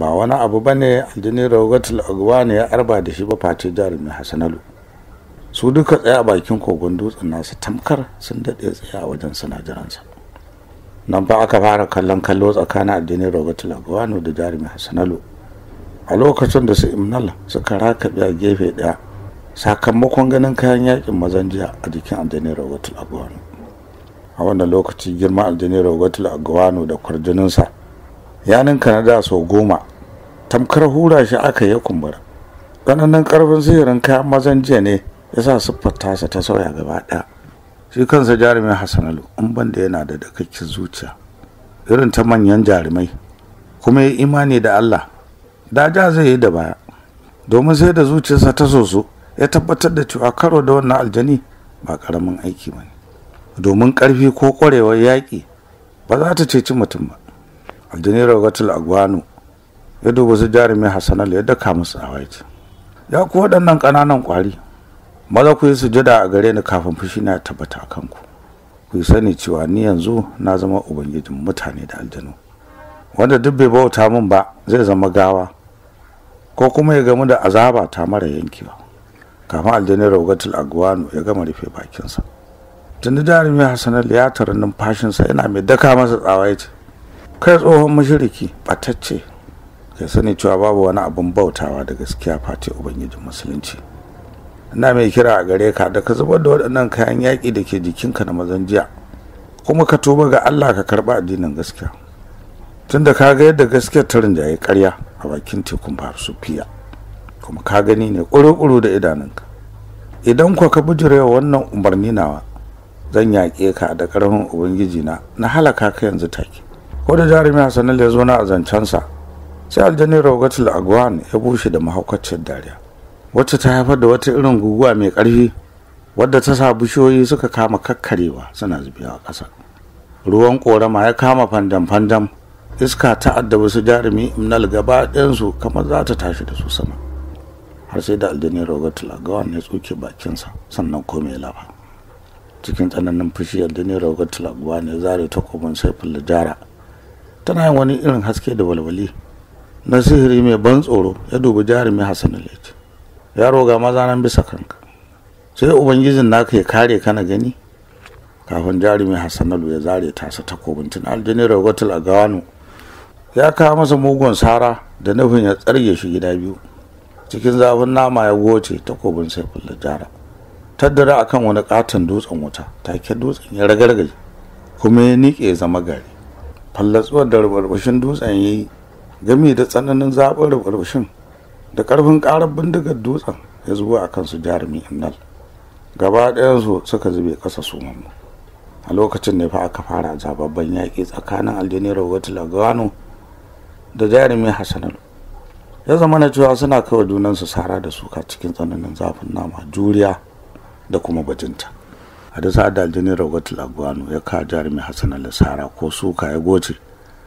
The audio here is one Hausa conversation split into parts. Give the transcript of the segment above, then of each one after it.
ba wani abu ba ne aljini rogatul agwa ne ya arba da shi ba face jarumin hasanalu su duka tsaye a bakin kogon dutsen nasu tamkar sun daɗe tsaye a wajen sinadaransa nan ba aka fara kallon kallo tsakanin aljini rogatul agwa da jarumin hasanalu a lokacin da su imnal suka raka a gefe ɗaya sakamakon ganin kayan yakin mazan jiya a jikin aljini rogatul agwa a wannan lokaci girma aljini rogatul agwa da kwarjininsa ya ninka na da sau goma tamkar hura shi aka yi kumbura ƙananan ƙarfin sihirin kayan mazan jiya ne ya sa siffar tasa ta sauya gaba ɗaya shi kansa jarumin hassanalu in ban da yana da dakakken zuciya irin ta manyan jarumai kuma ya imani da allah da ja zai yi da baya domin sai da zuciyarsa ta soso ya tabbatar da cewa karo da wannan aljani ba karamin aiki ba ne domin ƙarfi ko ƙwarewar yaƙi ba za ta ceci mutum ba aljani ragatul agwano ya duba su jarumi hassanal ya daka musu a ya ku waɗannan ƙananan ƙwari maza ku yi sujada a gare ni kafin fushi na tabbata a kanku ku yi sani cewa ni yanzu na zama ubangijin mutane da aljanu wanda duk bai bauta min ba zai zama gawa ko kuma ya gamu da azaba ta mara yankewa kafin aljani raugatul agwano ya gama rufe bakinsa tunda jarumin hassanal ya tarar numfashinsa yana mai daka masa tsawaye kai tsohon mashiriki batacce ya sani cewa babu wani abin bautawa da gaskiya face ubangijin musulunci ina mai kira a gare ka da ka zubar da waɗannan kayan yaƙi da ke jikinka na mazan jiya kuma ka tuba ga allah ka karɓa addinin gaskiya tunda ka ga yadda gaskiyar ta ya karya a bakin tekun fiya kuma ka gani ne ƙuru-ƙuru da idanunka idan kuwa ka bijire wannan umarni nawa zan yaƙe ka da ƙarfin ubangijina na halaka ka yanzu take ko da jarumi Hassanin da ya zo na a zancensa sai aljani rogatul agwan ya bushe da mahaukacin dariya wacce ta haifar da wata irin guguwa mai ƙarfi wadda ta sa bishiyoyi suka kama kakkarewa suna zubewa ƙasa ruwan korama ya kama fandam-fandam iska ta addabi su jarumi imnal gaba ɗayansu kamar za ta tashi da su sama har sai da aljani rogatul agwan ya tsuke bakinsa sannan komai lafa cikin tsananin fushi aljani rogatul agwan ya zare takobin saifin lijara tana yin wani irin haske da walwali na sihiri mai ban tsoro ya dubi jarumi hassan ce yaro roga maza nan bisa kanka sai ubangijin naka ya kare kana gani kafin jarumi hassan ya zare tasa takobin tun aljini rogotul a gawano ya kawo masa mugun sara da nufin ya tsarge shi gida biyu cikin zafin nama ya goce takobin sai fulla jara taddara akan wani katon dutsen wuta take dutsen ya ragargaje kuma ya niƙe zama gari fallatsuwar da rubarbashin dutsen ya yi gami da tsananin zaɓin rubarbashin da ƙarfin ƙarar bindigar dutsen ya zubo a kansu jarumi innal gaba ɗayansu suka zube ƙasa su mamu a lokacin ne fa aka fara zababban yaƙi tsakanin aljanero wata lagano da jarumi hasanar ya zama na cewa suna kawai junansu sara da suka cikin tsananin zafin nama juriya da kuma bajinta sa da aljini ragwatul agwano ya ka jarumi hassan alisara sara ko suka ya goce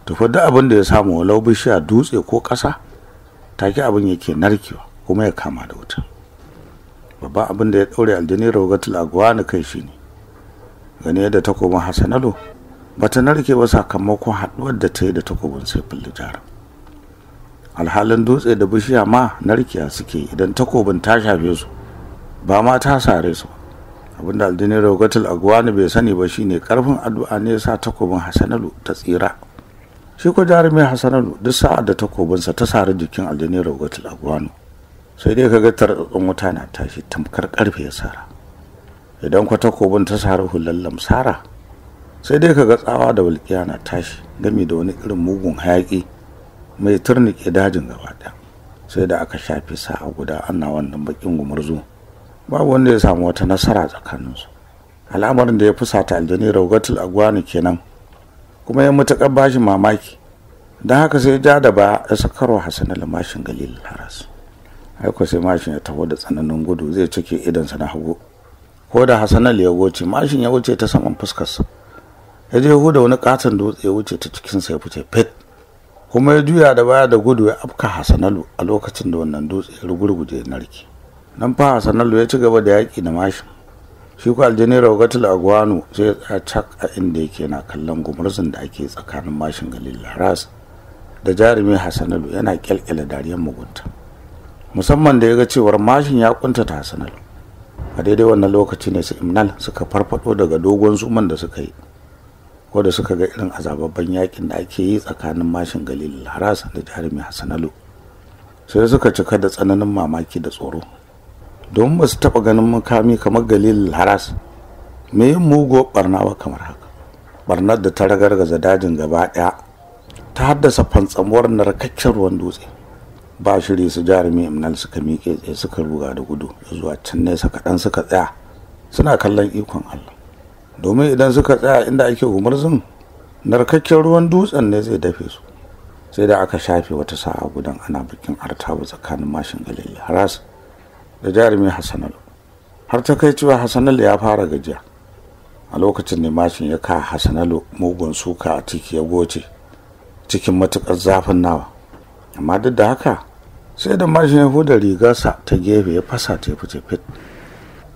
tufa duk abin da ya samu walau bishiya dutse ko ƙasa take abin yake narkewa kuma ya kama da wuta babban abin da ya ɗaure aljini ragwatul agwano kai shi ne gani yadda takobin hassanalo ba ta narke ba sakamakon haɗuwar da ta yi da takobin sai lijar alhalin dutse da bishiya ma narkiya suke idan takobin ta shafe su ba ma ta sare su ba abinda aljini rogatul agwani bai sani ba shine karfin addu'a ne sa takobin hasanalu ta tsira shi ko jarumi hasanalu duk sa'a da takobinsa ta sari jikin aljini rogatul agwani sai dai kaga tarɗaɗɗun wuta na tashi tamkar karfe ya sara idan kwa takobin ta sari hulan lamsara sai dai kaga tsawa da walƙiya na tashi gami da wani irin mugun hayaƙi mai turnike dajin gaba ɗaya sai da aka shafe sa'a guda ana wannan bakin gumurzu babu wanda ya samu wata nasara tsakaninsu al'amarin da ya fusata aljani raugatul agwani kenan kuma ya matuƙar bashi mamaki don haka sai ja da ba ya sakarwa hassan mashin galil haras aiko sai mashin ya taho da tsananin gudu zai cike idansa na hagu ko da hassan ya wuce mashin ya wuce ta saman fuskarsa ya je huda wani katon dutse ya wuce ta cikin sa ya fice fet kuma ya juya da baya da gudu ya afka hassanalu a lokacin da wannan dutse ya rugurguje narki nan fa sanallu ya ci gaba da yaƙi da mashin shi ku aljini raugatul agwano sai ya tsaya cak a inda yake na kallon gumurzun da ake tsakanin mashin galil laras da jarumi hasanalu yana kyalkyala dariyar mugunta musamman da ya ga cewar mashin ya kuntata hasanalu a daidai wannan lokaci ne su imnal suka farfado daga dogon zuman da suka yi ko da suka ga irin azababban yakin da ake yi tsakanin mashin galil laras da jarumi hasanalu sai suka cika da tsananin mamaki da tsoro don ba su taɓa ganin makami kamar galil haras me yin mugu barna ba kamar haka barnar da ta ragargaza dajin gaba ɗaya ta haddasa fantsamuwar narkakken ruwan dutse ba shiri su jarumi imnal suka miƙe tsaye suka ruga da gudu zuwa can nesa kaɗan suka tsaya suna kallon ikon allah domin idan suka tsaya inda ake umarzin narkakken ruwan dutsen ne zai dafe su sai da aka shafe wata sa'a gudan ana bikin artabu tsakanin mashin galil haras da jarumin hassanal har ta kai cewa hassanal ya fara gajiya a lokacin ne mashin ya ka hassanal mugun suka a ciki ya goce cikin matukar zafin nawa amma duk da haka sai da mashin ya huda rigarsa ta gefe ya fasa ta fice fit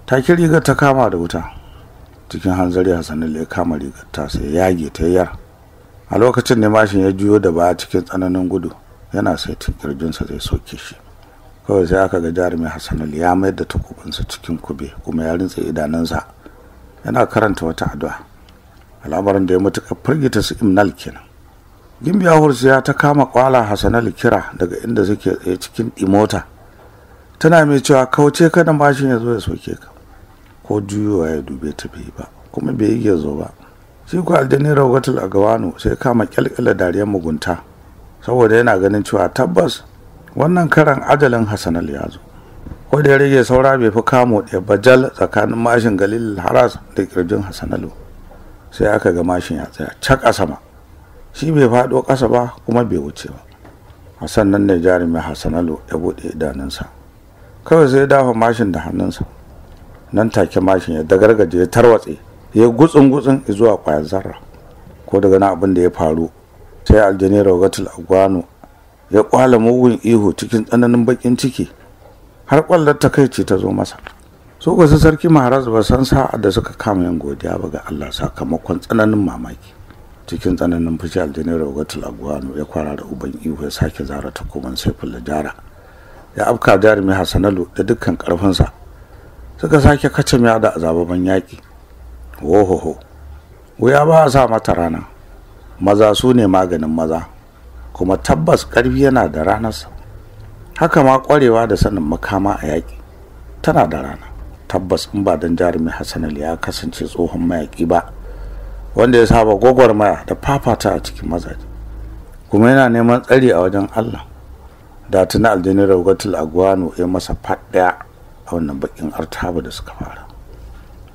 take rigar ta kama da wuta cikin hanzari hassanal ya kama rigar ta sai yage ta yar a lokacin ne mashin ya juyo da baya cikin tsananin gudu yana sai kirjinsa zai soke shi kawai sai aka ga jarumi hassanul ya mayar da takobinsa cikin kube kuma ya rintse idanunsa yana karanta wata addu'a al'amarin da ya matuƙa firgita su imnal kenan gimbiya hursu ta kama kwala hassanul kira daga inda suke tsaye cikin imota tana mai cewa kauce kada mashin ya zo ya soke ka ko juyowa ya dube ta bai ba kuma bai yi ya zo ba shi ku aljani rawatul a gawano sai kama kyalkyala dariyar mugunta saboda yana ganin cewa tabbas wannan karan ajalin hassanal ya zo da ya rage saura bai fi kamo ɗaya bajal tsakanin mashin galil haras da kirjin hassanalu sai aka ga mashin ya tsaya cak a sama shi bai faɗo ƙasa ba kuma bai wuce ba hassan nan ne jarumi hassanalu ya buɗe idanunsa kawai sai ya dafa mashin da hannunsa nan take mashin ya dagargaje ya tarwatse ya gutsun gutsun zuwa kwayar zarra ko daga na abin da ya faru sai aljani gatul agwano ya kwala mugun ihu cikin tsananin bakin ciki har kwallar takaici ta zo masa su ga sarki maharaz ba san sa'a da suka kama yin godiya ba ga Allah sakamakon tsananin mamaki cikin tsananin fushi aljanai rogatul agwano ya kwara da uban ihu ya sake zara koman saiful jara ya afka jarumi hasanalu da dukkan karfinsa suka sake kace mai da azababan yaƙi wohoho wuya ba sa mata rana maza su ne maganin maza kuma tabbas ƙarfi yana da ranarsa haka ma ƙwarewa da sanin makama a yaƙi tana da rana tabbas in ba don jarumi Hassanal ya kasance tsohon mayaƙi ba wanda ya saba gwagwarmaya da fafata a cikin mazaji kuma yana neman tsari a wajen allah da tuna aljini rogatul agwano ya masa faɗaya a wannan bakin artaba da suka fara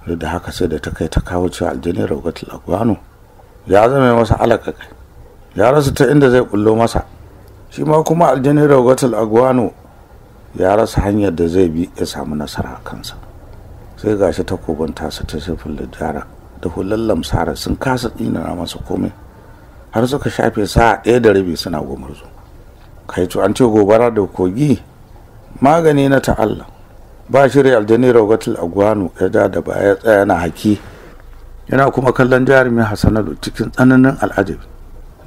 duk da haka sai da ta kai ta kawo cewa aljini rogatul agwano ya zama masa alaƙaƙai ya rasa ta inda zai kullo masa shi ma kuma aljani rogatul agwano ya rasa hanyar da zai bi ya samu nasara a kansa sai gashi takoban tasa ta sifil da jara da hular lamsara sun kasa tsinana masa komai har suka shafe sa'a ɗaya da rabi suna gumurzu kai to an ce gobara da kogi magani na ta'alla ba shirya aljani rogatul agwano ya ja da baya tsaya na haki yana kuma kallon jarumin hasanalu cikin tsananin al'ajabi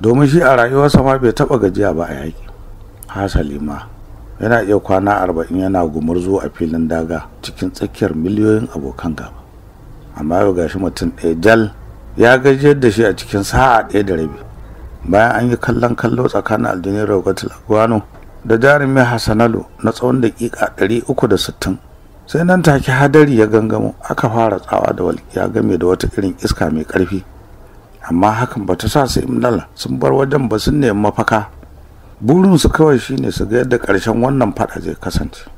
domin shi a rayuwarsa ma bai taɓa gajiya ba a yaki. hasali ma yana iya kwana arba'in yana gumurzu a filin daga cikin tsakiyar miliyoyin abokan gaba amma yau gashi mutum ɗaya jal ya gajiyar da shi a cikin sa'a ɗaya da rabi bayan an yi kallon kallo tsakanin aljini rogatul aguano da jarumin hasanalo na tsawon daƙiƙa ɗari uku da sittin sai nan take hadari ya gangamo aka fara tsawa da walƙiya game da wata irin iska mai ƙarfi amma hakan ba ta sa su imnala sun bar wajen ba sun nemi mafaka burinsu kawai shine su ga yadda ƙarshen wannan fada zai kasance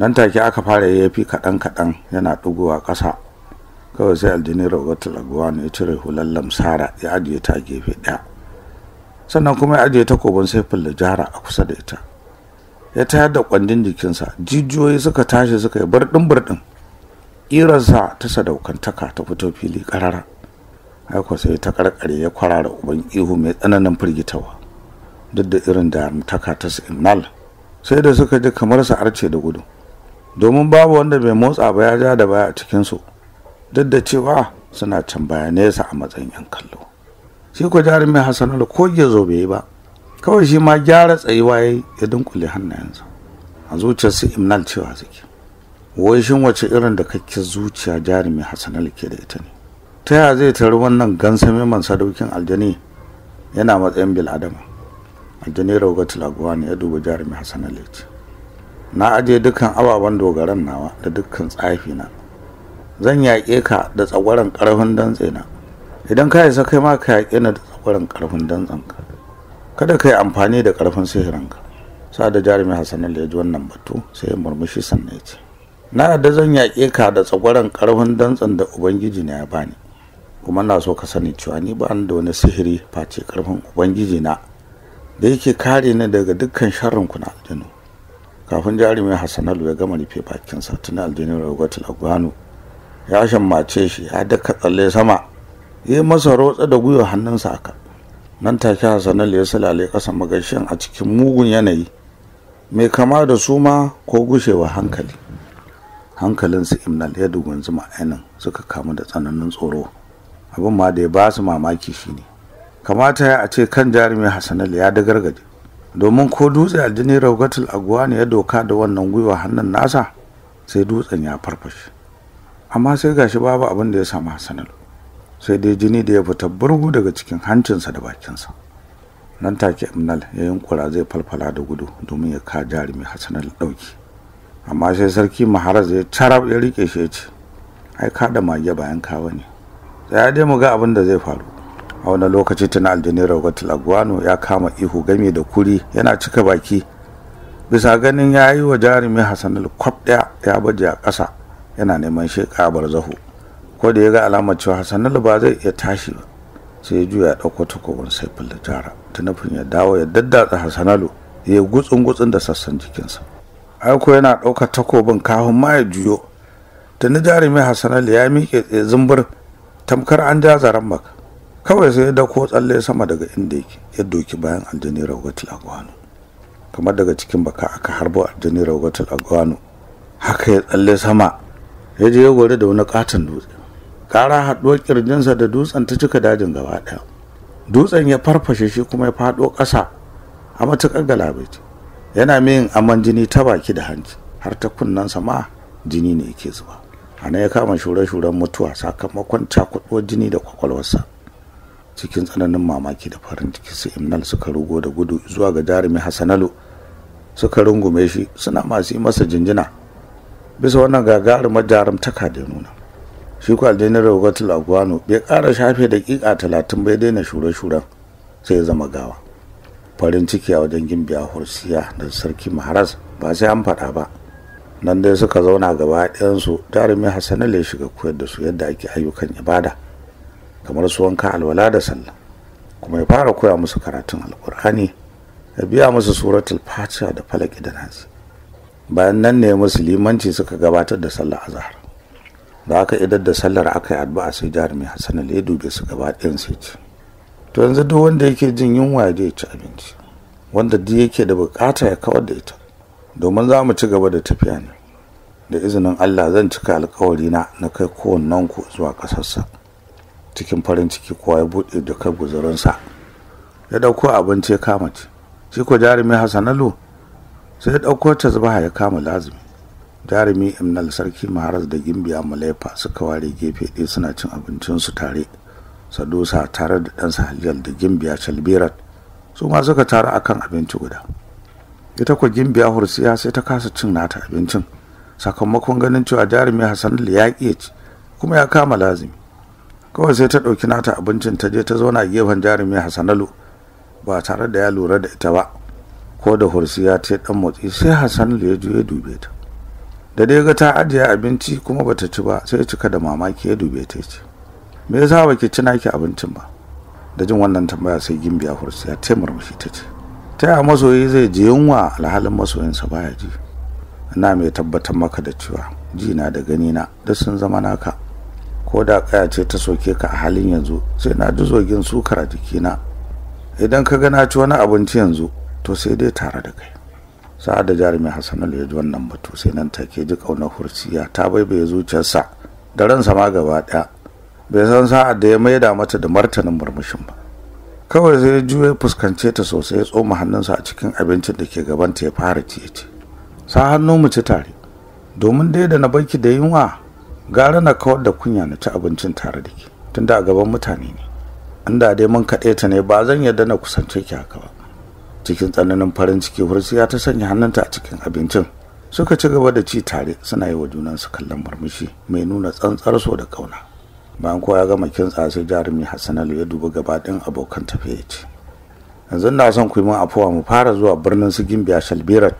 nan take aka fara yafi kaɗan kaɗan yana ɗigowa ƙasa kawai sai aljini raguwa ne ya cire hular lamsara ya ajiye ta gefe ɗaya sannan kuma ya ajiye ta takobin saifin da jara a kusa da ita ya tayar da kwandin jikinsa jijiyoyi suka tashi suka yi barɗin barɗin ƙirarsa ta sadaukantaka ta fito fili ƙarara aiko sai ta karkare ya kwarara uban ihu mai tsananin firgitawa duk da irin da mutaka ta signal sai da suka ji kamar su arce da gudu domin babu wanda bai motsa ba ya ja da baya a cikinsu duk da cewa suna can baya nesa a matsayin yan kallo shi ko jarumin hassanul ko zo bai yi ba kawai shi ma gyara tsayuwa ya ya dunkule hannayensa a zuciyar su imnal cewa suke wai shin wace irin da kake zuciya jarumi hassanul ke da ita ne ta yaya zai tari wannan gansame man sadaukin aljani yana matsayin bil'adama aljani rauga tilaguwa ne ya duba jarumi hassan alhaji na aje dukkan ababen dogaran nawa da dukkan tsafi na zan yaƙe ka da tsagwaron ƙarfin dantse idan ka isa kai ma ka yaƙe na da tsagwaron ƙarfin dantsen kada ka yi amfani da ƙarfin sihirinka sa da jarumi hassan alhaji wannan batu sai ya murmushi sannan ya ce na yarda zan yaƙe ka da tsagwaron ƙarfin dantsen da ubangiji ne ya bani kuma na so ka sani cewa ni ba da wani sihiri face karfin ubangiji na da yake kare ni daga dukkan sharrin ku na aljanu kafin jarumin hassanalu ya gama rufe bakinsa tuni aljanu ragotul agwano ya shammace shi ya daka tsalle sama ya masa rotsa da gwiwa hannunsa aka nan take hassanalu ya salale kasa magashin a cikin mugun yanayi mai kama da suma ko gushewa hankali hankalinsu imnal ya dugunzuma ainihin suka kamu da tsananin tsoro abin ma da ya ba su mamaki shine kamata ya a ce kan jarumi hassanal ya da gargadi domin ko dutse aljini raugatul aguwa ne ya doka da wannan gwiwa hannun nasa sai dutsen ya farfashe amma sai gashi babu abin da ya samu hassanal sai dai jini da ya fita burgu daga cikin hancinsa da bakinsa nan take imnal ya yunkura zai falfala da gudu domin ya ka jarumi hassanal ɗauki amma sai sarki maharaz ya carab ya rike shi ya ce ai ka da mage bayan kawo ne ya dai mu ga abin da zai faru a wani lokaci tana aljini rogatul aguano ya kama ihu game da kuri yana cika baki bisa ganin ya yi wa jarumi hassan kwab ɗaya ya baje a ƙasa yana neman sheƙa zahu. ko da ya ga alamar cewa hassan ba zai iya tashi ba sai ya juya ɗauko takobin saifin da jara tunafin ya dawo ya daddatsa hassanalu ya gutsun gutsun da sassan jikinsa aiko yana ɗaukar takobin kafin ma ya juyo tuni jarumi hassanalu ya miƙe tsaye zumbur tamkar an ja zaren maka kawai sai da ko tsalle sama daga inda yake ya doki bayan aljani rawatul agwano kamar daga cikin baka aka harbo aljani rawatul agwano haka ya tsalle sama ya je ya gore da wani katon dutse kara haɗuwar kirjinsa da dutsen ta cika dajin gaba ɗaya dutsen ya farfashe shi kuma ya faɗo ƙasa a matuƙar galabaiti yana min aman jini ta baki da hanci har ta kunnensa ma jini ne yake zuba ana ya kama shure-shuren mutuwa sakamakon cakuɗuwar jini da kwakwalwarsa cikin tsananin mamaki da farin ciki su imnal suka rugo da gudu zuwa ga jarumi Hassanalu, suka rungume shi suna masu yi masa jinjina bisa wannan gagarumar jarumtaka da nuna shi kwa aljanin rogatul aguano bai ƙara shafe daƙiƙa talatin bai daina shure-shuren sai ya zama gawa farin ciki a wajen gimbiya hursiya da sarki maharas ba sai an faɗa ba nan dai suka zauna gaba ɗayansu jarumi hassanin ya shiga koyar da su yadda ake ayyukan ibada kamar su wanka alwala da sallah kuma ya fara koya musu karatun alkur'ani ya biya musu suratul fatiha da falaki da nasi bayan nan ne musulmanci suka gabatar da sallar azhar da aka idar da sallar aka yi addu'a sai jarumi Hassanal ya dube su gaba ɗayan ce to yanzu duk wanda yake jin yunwa ya je ya ci abinci wanda duk yake da bukata ya kawar da ita domin za mu ci gaba da tafiya ne da izinin allah zan cika alkawari na na kai ku zuwa ƙasarsa cikin farin ciki kowa ya buɗe da kai guzurinsa ya ɗauko abinci ya kama ci shi ko jarumi hassanalu sai ya ɗauko tazbaha ya kama lazimi jarumi imnal sarki maharas da gimbiya malaifa suka ware gefe ɗaya suna cin abincinsu tare sadusa tare da ɗansa haliyar da gimbiya shalbirat su ma suka taru akan abinci guda ita kwa gimbiya hursiya sai ta kasa cin nata abincin sakamakon ganin cewa jarumi hassan ya ci kuma ya kama lazimi kawai sai ta ɗauki nata abincin ta je ta zauna a gefen jarumi hassanalu ba tare da ya lura da ita ba ko da hursiya ta ɗan motsi sai hassan ya juya dube ta da dai ga ta ajiye abinci kuma ba ta ci ba sai cika da mamaki ya dube ta ce me yasa baki ci naki abincin ba da jin wannan tambaya sai gimbiya hursiya ta murmushi ta ce ta yaya masoyi zai ji yunwa alhalin masoyinsa baya ji na mai tabbatar maka da cewa ji na da gani na da sun zama naka ko da kaya ce ta soke ka a halin yanzu sai na ji zogin sukar jiki jikina idan ka gana ci wani abinci yanzu to sai dai tare da kai sa'ad da jarumi hassan ya ji wannan batu sai nan take ji kaunar hursiya ta baibaye zuciyarsa da ransa ma gaba daya bai san sa'ad da ya maida mata da martanin murmushin ba kawai zai juya fuskance ta sosai ya tsoma hannunsa a cikin abincin da ke gabanta ya fara ciye ce sa hannu mu ci tare domin dai da na barki da yunwa gara na kawar da kunya na ci abincin tare da ke tunda a gaban mutane ne inda dai mun kaɗe ta ne ba zan yarda na kusance ki haka ba cikin tsananin farin ciki hursiya ta sanya hannunta a cikin abincin suka ci gaba da ci tare suna yi wa junansu kallon murmushi mai nuna tsantsar so da ƙauna bayan kowa ya gama kintsa sai jarumi hassanalu ya dubi gaba abokan tafiya ce yanzu na son ku yi min afuwa mu fara zuwa birnin su gimbiya shalbirat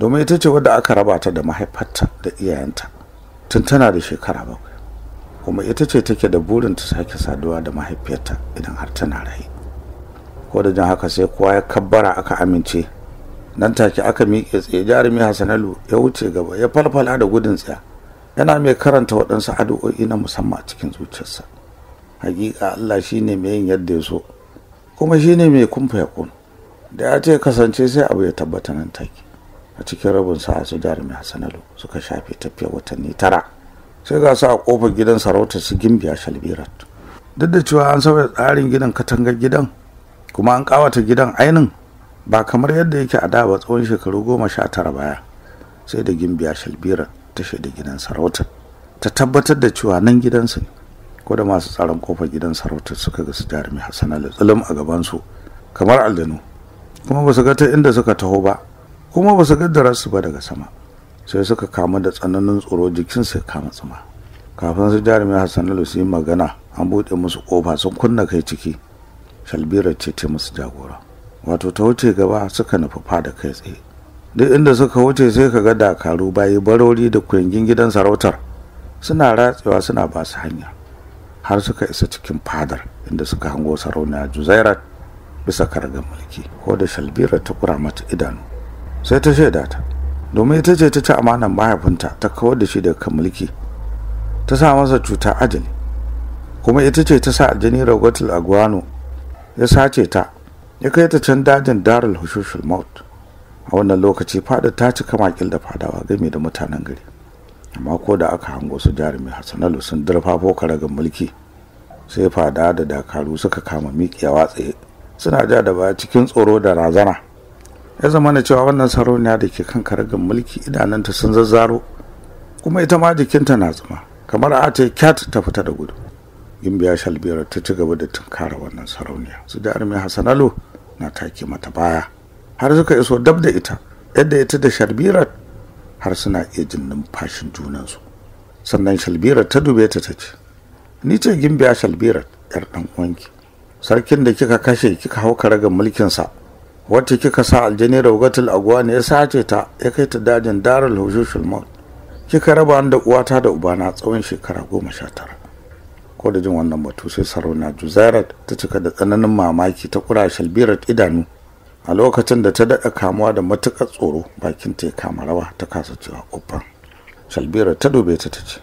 domin ita ce wadda aka raba ta da mahaifarta da iyayenta tun tana da shekara bakwai kuma ita ce take da burin ta sake saduwa da mahaifiyarta idan har tana raye ko da jan haka sai kowa ya kabbara aka amince nan take aka miƙe tsaye jarumi hassanalu ya wuce gaba ya falfala da gudun tsaya yana mai karanta waɗansu addu'o'i na musamman a cikin zuciyarsa hakika Allah shine mai yin yadda ya so kuma shine mai kumfa ya kun da ya ce kasance sai abu ya tabbata nan take a cikin rabin sa'a su jarumi Hassanalu suka shafe tafiya watanni tara sai ga su a kofar gidan sarautar su gimbiya Shalbirat duk da cewa an sauya tsarin gidan katangar gidan kuma an kawata gidan ainin ba kamar yadda yake a da ba tsawon shekaru goma sha tara baya sai da gimbiya Shalbirat ta shaida gidan sarauta ta tabbatar da cewa nan gidansu ne ko da masu tsaron kofar gidan sarautar suka ga su jarumi hassan da tsulum a gabansu kamar aldanu kuma ba su ga ta inda suka taho ba kuma ba su ga su ba daga sama sai suka kama da tsananin tsoro jikin ya kama tsuma kafin su jarumi hassan su yi magana an buɗe musu kofa sun kunna kai ciki shalbira ce ta musu jagora wato ta wuce gaba suka nufi fada kai tsaye duk inda suka wuce sai ka ga dakaru bayi barori da kwangin gidan sarautar suna ratsewa suna ba su hanya har suka isa cikin fadar inda suka hango sarauniya juzairat bisa kargar mulki ko da shalbira ta kura mata idanu sai ta shaida ta domin ita ce ta ci amanan mahaifinta ta kawar da shi daga kan mulki ta sa masa cuta ajali kuma ita ce ta sa aljini ragwatul agwano ya sace ta ya kai ta can dajin darul hushushul maut a wannan lokaci fada ta cika makil da fadawa game da mutanen gari amma ko da aka hango su jarumin hassanalu sun darfafo karagar mulki sai fada da dakaru suka kama miƙewa tsaye suna ja da baya cikin tsoro da razana ya zama na cewa wannan sarauniya da ke kan karagar mulki idananta sun zazzaro kuma ita ma jikinta na zama kamar a ta kyat ta fita da gudu gimbiya shalbiyar ta ci gaba da tunkara wannan sarauniya su jarumi hassanalu na take mata baya har suka iso dab da ita yadda ita da shalbira har suna iya jin numfashin junansu sannan shalbira ta dube ta ta ce ni ce gimbiya shalbirat yar dan uwanki sarkin da kika kashe kika hau karagar sa wacce kika sa aljani raugatul agwa ne ya sace ta ya kai ta dajin darul hushushul maut kika raba da uwata da ubana tsawon shekara goma sha tara ko da jin wannan batu sai sarauna juzairat ta cika da tsananin mamaki ta kura shalbirat idanu a lokacin da ta daɗa kamuwa da matuƙar tsoro bakin ta ya kama rawa ta kasa cewa uffan shalbira ta dube ta ta ce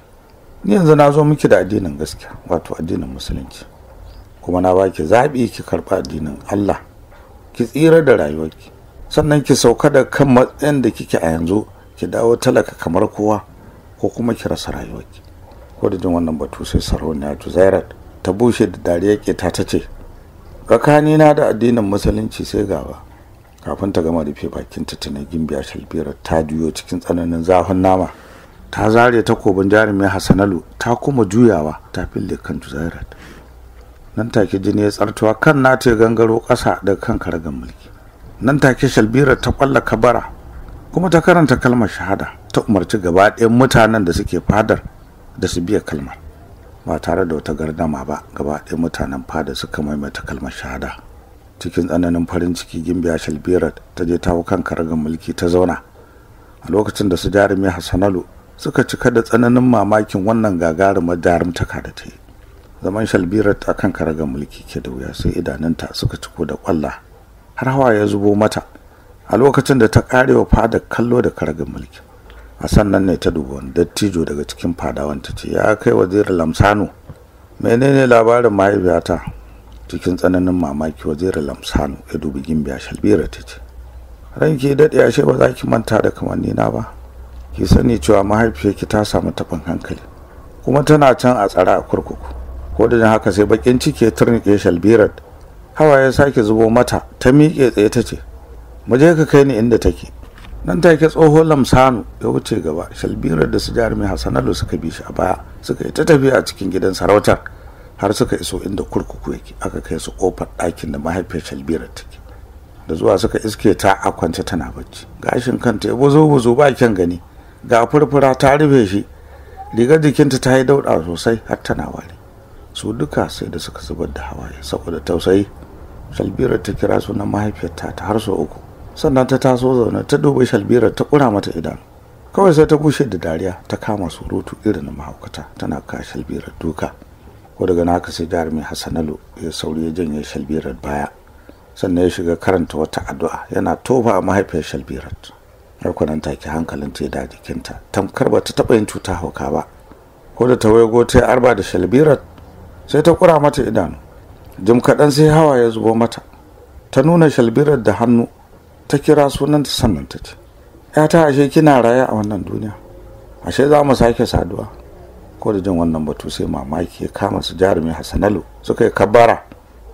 ni yanzu na zo miki da addinin gaskiya wato addinin musulunci kuma na baki zaɓi ki karɓi addinin allah ki tsira da rayuwarki sannan ki sauka da kan matsayin da kike a yanzu ki dawo talaka kamar kowa ko kuma ki rasa rayuwarki ko da jin wannan batu sai sarauniya tuzairat ta bushe da dariya ke ta ta ce tsakanina da addinin musulunci sai gaba kafin ta gama rufe bakin ta na gimbiya shalbiyar, ta juyo cikin tsananin zafin nama ta zare takobin jarumin hassanalu ta kuma juyawa ta fille kan juzaira nan take jini ya tsartuwa kan nata ya gangaro ƙasa da kan kargan mulki nan take shalbira ta kwalla kabara kuma ta karanta kalmar shahada ta umarci gaba ɗayan mutanen da suke fadar da su biya kalmar ba tare da wata gardama ba gaba ɗayan mutanen fada suka maimaita kalmar shahada cikin tsananin farin ciki gimbiya shalbirat ta je ta hau kan karagar mulki ta zauna a lokacin da su jarumi hassanalu suka cika da tsananin mamakin wannan gagarumar jarumtaka da ta yi zaman shalbirat a kan karagar mulki ke da wuya sai idanunta suka ciko da kwalla har hawa ya zubo mata a lokacin da ta karewa fada kallo da karagar mulki a sannan ne ta dubu wani dattijo daga cikin fadawan ta ce ya kai wazirin lamsano menene labarin mahaifiyata cikin tsananin mamaki wazirar lamsanu ya dubi gimbiya shalbira ta ce ranki daɗe ashe ba za ki manta da kamanni na ba ki sani cewa mahaifiyarki ta samu taɓin hankali kuma tana can a tsara a kurkuku ko da haka sai bakin ciki ya turnike shalbirat hawa ya sake zubo mata ta miƙe tsaye ta ce mu je ka kai ni inda take nan take tsohon lamsanu ya wuce gaba shalbirar da su jarumin hassanalu suka bi shi a baya suka yi ta tafiya a cikin gidan sarautar har suka iso inda kurkuku yake aka kai su kofar ɗakin da mahaifiyar shalbira take da zuwa suka iske ta a kwance tana bacci gashin kanta ya buzo buzo ba kyan gani ga furfura ta rufe shi rigar jikinta ta yi dauɗa sosai har tana wari su duka sai da suka zubar da hawaye saboda tausayi shalbirar ta kira sunan mahaifiyarta ta har sau uku sannan ta taso zaune ta duba shalbirar ta ƙura mata idan. kawai sai ta bushe da dariya ta kama surutu irin mahaukata tana ka shalbirar duka ko daga naka sai jarumi hassanalo ya sauri ya janye shalbirat baya sannan ya shiga karanta wata addu'a yana toba a mahaifiyar shalbirat harkunan take hankalin ta da jikinta tamkar ba ta taɓa yin cuta hauka ba ko da ta waigo ta arba da shalbirat sai ta kura mata idanu jim kaɗan sai hawa ya zubo mata ta nuna shalbirat da hannu ta kira sunanta sannan ta ce ‘yata ashe kina raya a wannan duniya ashe za mu sake saduwa ko da jin wannan batu sai mamaki ya kama su jarumi hassanalu suka yi kabara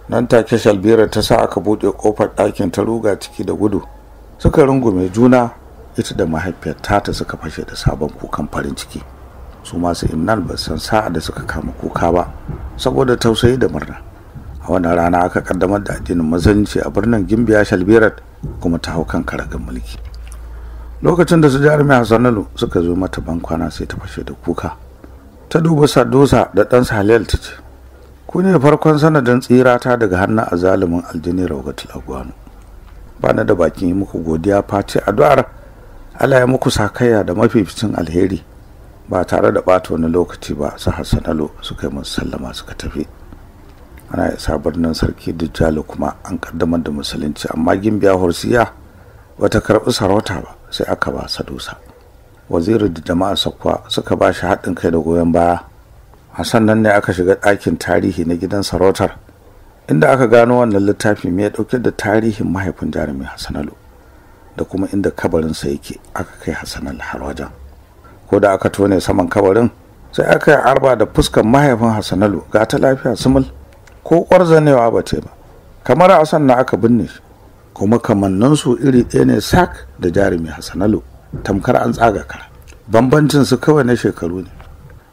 nan take shalbira ta sa aka buɗe kofar ɗakin ta ruga ciki da gudu suka rungume juna ita da mahaifiyar tata suka fashe da sabon kukan farin ciki su masu imnan ba san sa'a da suka kama kuka ba saboda tausayi da murna a wannan rana aka kaddamar da addinin mazanci a birnin gimbiya shalbirat kuma ta hau kan karagar mulki lokacin da su jarumi hassanalu suka zo mata bankwana sai ta fashe da kuka ta duba sadusa da ɗansa halil ta ce ku ne farkon sanadin tsirata daga hannun azalimin aljini raugatul agwanu ba na da bakin yi muku godiya face addu'ar Allah ya muku sakayya da mafificin alheri ba tare da ɓata wani lokaci ba su hassanalo suka yi musu sallama suka tafi ana isa birnin sarki dijjalu kuma an kaddamar da musulunci amma gimbiya horsiya bata karɓi sarauta ba sai aka ba sadusa waziri da jama'ar sakwa suka ba shi haɗin kai da goyon baya hassan nan ne aka shiga ɗakin tarihi na gidan sarautar inda aka gano wannan littafi mai ɗauke da tarihin mahaifin jarumi hassanalo da kuma inda kabarinsa yake aka kai hassanal har wajen ko da aka tone saman kabarin sai aka yi arba da fuskar mahaifin hassanalu ga ta lafiya sumul ko ƙwarzanewa ba ta ba kamar a na aka binne shi kuma kamanninsu iri ɗaya ne sak da jarumi hassanalu tamkar an tsaga ka. bambancin su kawai na shekaru ne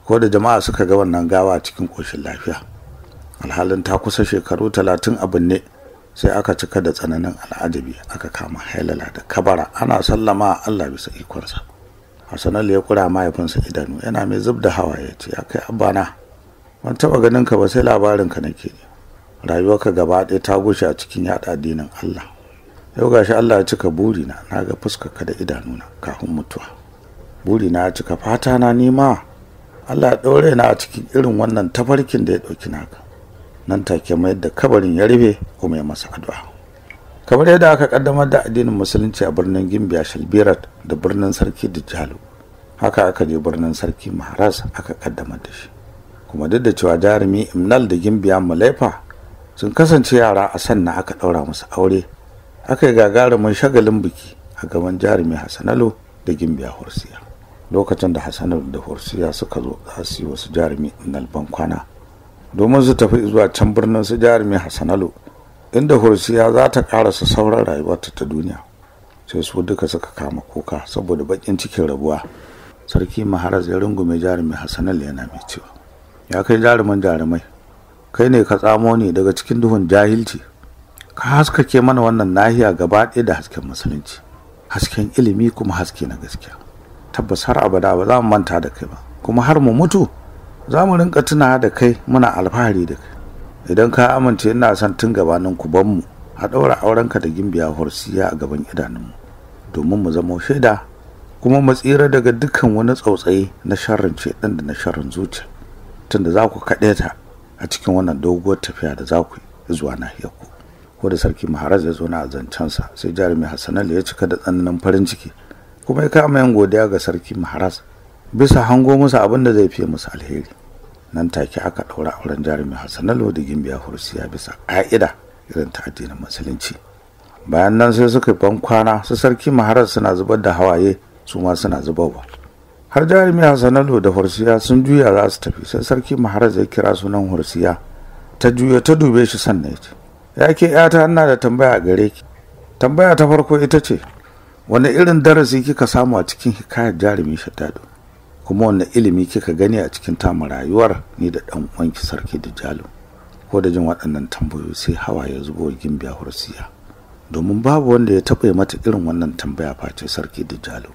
ko da jama'a suka ga wannan gawa cikin koshin lafiya alhalin ta kusa shekaru talatin abin ne sai aka cika da tsananin al'ajabi aka kama hailala da kabara ana sallama Allah bisa ikonsa Hassanal ya kura mahaifinsa idanu yana mai zub da hawa ya ce ya kai abana ban taba ganin ka ba sai labarin ka nake rayuwarka gaba ɗaya ta gushe a cikin yaɗa addinin Allah yau gashi Allah ya cika burina na ga fuskarka da idanuna kafin mutuwa burina ya cika fata na nima Allah ya ɗaure na a cikin irin wannan tafarkin da ya ɗauki naka nan take mayar da kabarin ya rufe kuma ya masa addu'a kamar yadda aka kaddamar da addinin musulunci a birnin gimbiya shalbirat da birnin sarki dijalu haka aka je birnin sarki maharas aka kaddamar da shi kuma duk da cewa jarumi imnal da gimbiya malaifa sun kasance yara a sannan aka ɗaura musu aure aka yi gagarumin shagalin biki a gaban jarumi Hassanalu da gimbiya horsiya lokacin da hasanalo da horsiya suka zo za wasu jarumi nalban kwana domin su tafi zuwa can birnin su jarumi hasanalo inda horsiya za ta karasa sauran rayuwarta ta duniya sai su duka suka kama kuka saboda bakin cikin rabuwa sarki maharaz ya rungume jarumi hasanalo yana mai cewa ya kai jarumin jarumai kai ne ka tsamo ne daga cikin duhun jahilci ka haskake mana wannan nahiya gaba ɗaya da hasken musulunci hasken ilimi kuma haske na gaskiya tabbas har abada ba za mu manta da kai ba kuma har mu mutu za mu rinka tuna da kai muna alfahari da kai idan ka amince ina son tun gabanin ku ban mu a ɗaura aurenka da gimbiya horsiya a gaban idanunmu domin mu zama shaida kuma mu tsira daga dukkan wani tsautsayi na sharrin ceɗan da na sharrin zuciya tunda za ku kaɗe ta a cikin wannan doguwar tafiya da za ku yi zuwa nahiyar ko da sarki maharaz ya zo na zancensa sai jarumi hassanal ya cika da tsananin farin ciki kuma ya kama yin godiya ga sarki maharaz bisa hango musu abin da zai fiye musu alheri nan take aka ɗaura auren jarumi hassanal da gimbiya hursiya bisa ƙa'ida irin ta addinin musulunci bayan nan sai suka ban kwana su sarki maharaz suna zubar da hawaye su ma suna zubarwa har jarumi hassanalo da hursiya sun juya za su tafi sai sarki maharaz ya kira sunan hursiya ta juya ta dube shi sannan ya ce ya ke yata ina da tambaya gare ki tambaya ta farko ita ce wani irin darasi kika samu a cikin hikayar jarumi shaddadu kuma wani ilimi kika gani a cikin tamu rayuwar ni da dan wanki sarki da jalo ko da jin waɗannan tambayoyi sai hawa ya zubo gimbiya hursiya domin babu wanda ya taɓa mata irin wannan tambaya face sarki da jalo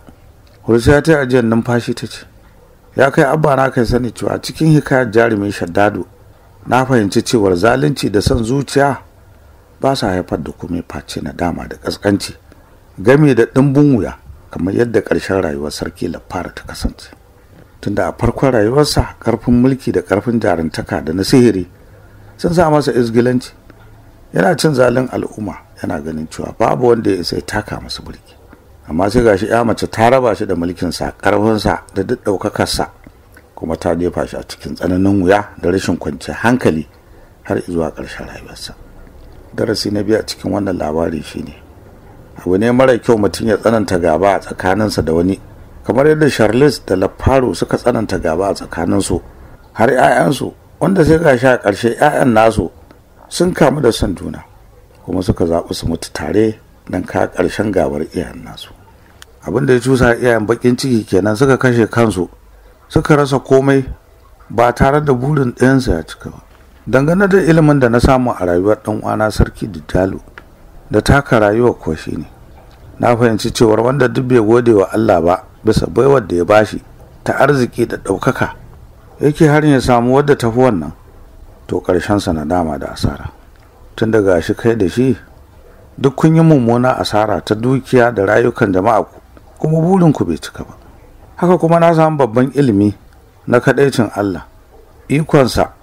hursiya ta ajiyar numfashi ta ce ya kai abba na kai sani cewa cikin hikayar jarumin shaddadu na fahimci cewar zalunci da son zuciya ba sa haifar da komai face na dama da kaskanci game da ɗimbin wuya kamar yadda ƙarshen rayuwar sarki lafara ta kasance tunda a farkon rayuwarsa ƙarfin mulki da ƙarfin jarintaka da na sihiri sun sa masa izgilanci yana cin zalin al'umma yana ganin cewa babu wanda ya isa ya taka masa mulki amma sai gashi ya mace ta raba shi da mulkin mulkinsa ƙarfinsa da duk ɗaukakarsa kuma ta jefa shi a cikin tsananin wuya da rashin kwanciyar hankali har zuwa ƙarshen rayuwarsa darasi na biya cikin wannan labari shine abu ne mara kyau mutum ya tsananta gaba a tsakaninsa da wani kamar yadda charles da lafaro suka tsananta gaba a tsakaninsu har 'ya'yansu wanda sai ga a ƙarshe 'ya'yan nasu sun kamu da son juna kuma suka zaɓi su mutu tare don ka ƙarshen gabar iyayen nasu abin da ya cusa iyayen baƙin ciki kenan suka kashe kansu suka rasa komai ba tare da burin ɗayansa ya cika ba dangane da ilimin da na samu a rayuwar ɗan uwana sarki dijalo da taka rayuwa ko shi ne na fahimci cewar wanda duk bai gode wa Allah ba bisa baiwar da ya bashi ta arziki da ɗaukaka yake har ya samu wadda tafi wannan to ƙarshensa na dama da asara tun daga shi kai da shi duk kun yi mummuna asara ta dukiya da rayukan jama'a ku, kuma ku bai cika ba haka kuma na samu babban ilimi na kaɗaicin Allah ikonsa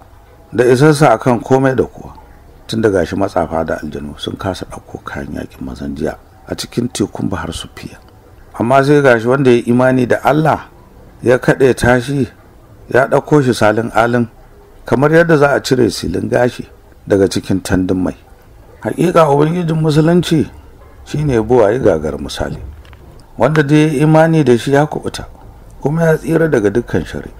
da isarsa akan komai da kuwa tun da gashi matsafa da aljanu sun kasa ɗauko kayan yakin mazan jiya a cikin tekun bahar sufiya amma sai gashi wanda ya imani da allah ya kaɗe tashi ya ɗauko shi salin alin kamar yadda za a cire silin gashi daga cikin tandin mai hakika ubangijin musulunci shine yi gagar misali wanda da ya imani da shi ya kubuta kuma ya tsira daga dukkan shari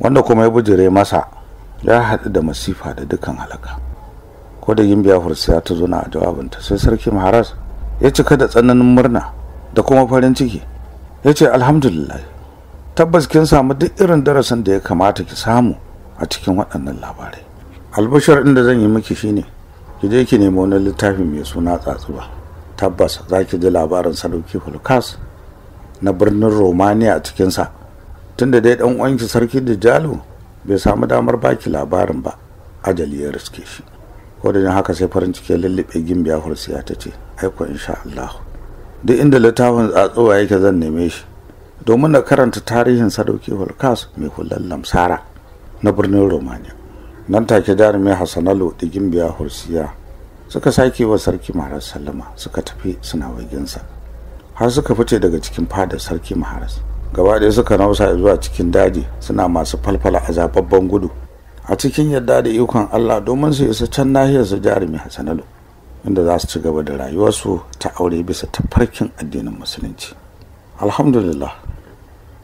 wanda kuma ya bujire masa ya haɗu da masifa da dukkan halaka ko da yin biyafar ya ta zo na a jawabinta sai sarki maharas ya cika da tsananin murna da kuma farin ciki ya ce alhamdulillah tabbas kin samu duk irin darasin da ya kamata ki samu a cikin waɗannan labarai albashar inda zan yi miki shine ki je ki nemi wani littafi mai suna tsatsuba tabbas za ki ji labarin sadauki fulkas na birnin romania a cikinsa tunda dai ɗan uwanki sarki da jalo bai samu damar baki labarin ba ajali ya riske shi Ko da wadannan haka sai farin ciki ya lullube gimbiya hursiya ta ce aiko insha Allah duk inda littafin tsatsowa yake zan neme shi domin na karanta tarihin sadauki hulkas mai hular lamsara na birnin romania nan take jarumi hassanalo da gimbiya hursiya suka sake wa sarki maharas sallama suka tafi suna waginsa har suka fice daga cikin fadar sarki maharas gaba ɗaya suka nausa zuwa cikin daji suna masu falfala a zababban gudu a cikin yadda da ikon allah domin su isa can nahiyar su jarumi hasanalo inda za su ci gaba da rayuwarsu ta aure bisa tafarkin addinin musulunci alhamdulillah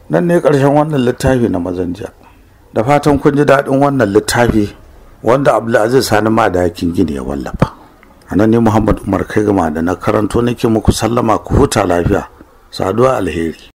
nan ne ƙarshen wannan littafi na mazanja da fatan kun ji daɗin wannan littafi wanda abdulaziz sani ma madakin gini ya wallafa a nan ne muhammad umar kai gama da na karanto nake muku sallama ku huta lafiya saduwa alheri